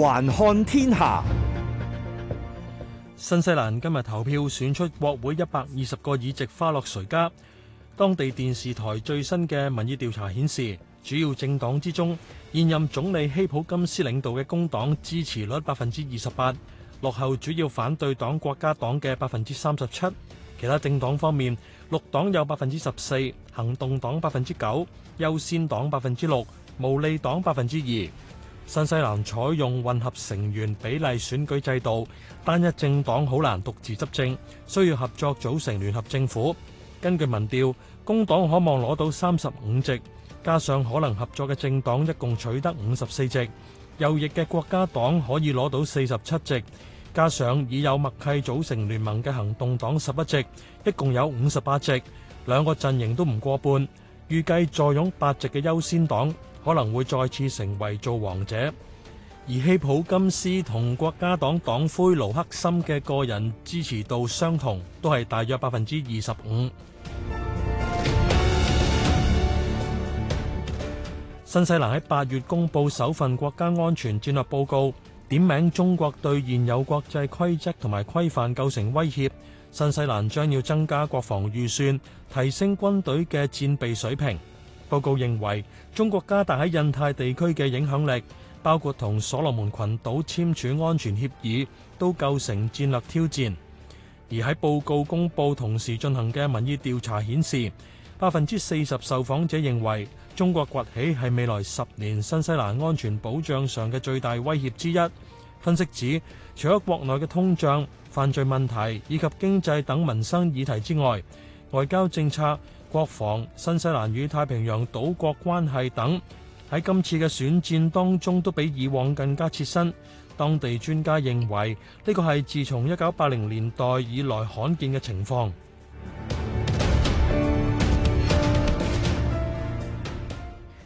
環看天下，新西蘭今日投票選出國會一百二十個議席花落誰家？當地電視台最新嘅民意調查顯示，主要政黨之中，現任總理希普金斯領導嘅工黨支持率百分之二十八，落後主要反對黨國家黨嘅百分之三十七。其他政黨方面，綠黨有百分之十四，行動黨百分之九，優先黨百分之六，毛利黨百分之二。新西蘭採用混合成員比例選舉制度，單一政黨好難獨自執政，需要合作組成聯合政府。根據民調，工黨可望攞到三十五席，加上可能合作嘅政黨，一共取得五十四席。右翼嘅國家黨可以攞到四十七席，加上已有默契組成聯盟嘅行動黨十一席，一共有五十八席。兩個陣營都唔過半，預計坐擁八席嘅優先黨，可能會再次成為造王者，而希普金斯同國家黨黨魁盧克森嘅個人支持度相同，都係大約百分之二十五。新西蘭喺八月公布首份國家安全戰略報告，點名中國對現有國際規則同埋規範構成威脅，新西蘭將要增加國防預算，提升軍隊嘅戰備水平。報告認為，中國加大喺印太地區嘅影響力，包括同所羅門群島簽署安全協議，都構成戰略挑戰。而喺報告公佈同時進行嘅民意調查顯示，百分之四十受訪者認為中國崛起係未來十年新西蘭安全保障上嘅最大威脅之一。分析指，除咗國內嘅通脹、犯罪問題以及經濟等民生議題之外，外交政策，國防、新西蘭與太平洋島國關係等喺今次嘅選戰當中，都比以往更加切身。當地專家認為呢個係自從一九八零年代以來罕見嘅情況。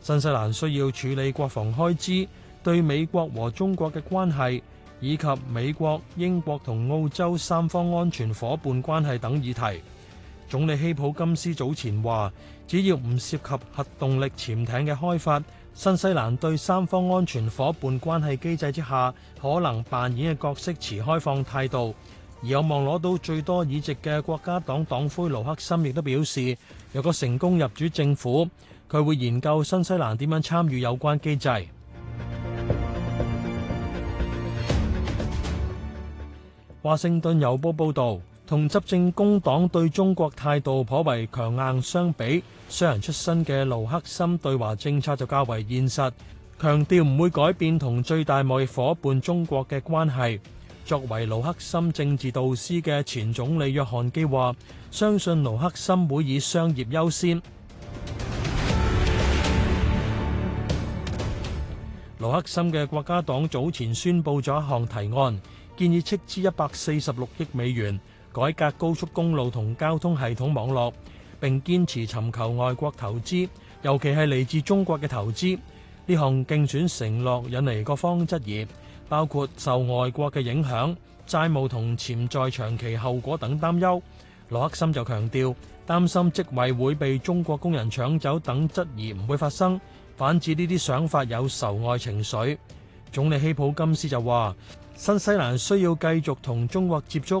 新西蘭需要處理國防開支、對美國和中國嘅關係，以及美國、英國同澳洲三方安全伙伴關係等議題。總理希普金斯早前話，只要唔涉及核動力潛艇嘅開發，新西蘭對三方安全伙伴關係機制之下可能扮演嘅角色持開放態度。而有望攞到最多議席嘅國家黨黨魁盧克森亦都表示，若果成功入主政府，佢會研究新西蘭點樣參與有關機制。華盛頓郵報報道。同執政工黨對中國態度頗為強硬相比，商人出身嘅盧克森對華政策就較為現實，強調唔會改變同最大貿易伙伴中國嘅關係。作為盧克森政治導師嘅前總理約翰基話：相信盧克森會以商業優先。盧克森嘅國家黨早前宣佈咗一項提案，建議斥資一百四十六億美元。改革高速公路同交通系統網絡，並堅持尋求外國投資，尤其係嚟自中國嘅投資。呢項競選承諾引嚟各方質疑，包括受外國嘅影響、債務同潛在長期後果等擔憂。盧克森就強調，擔心職位會被中國工人搶走等質疑唔會發生，反指呢啲想法有仇外情緒。總理希普金斯就話，新西蘭需要繼續同中國接觸。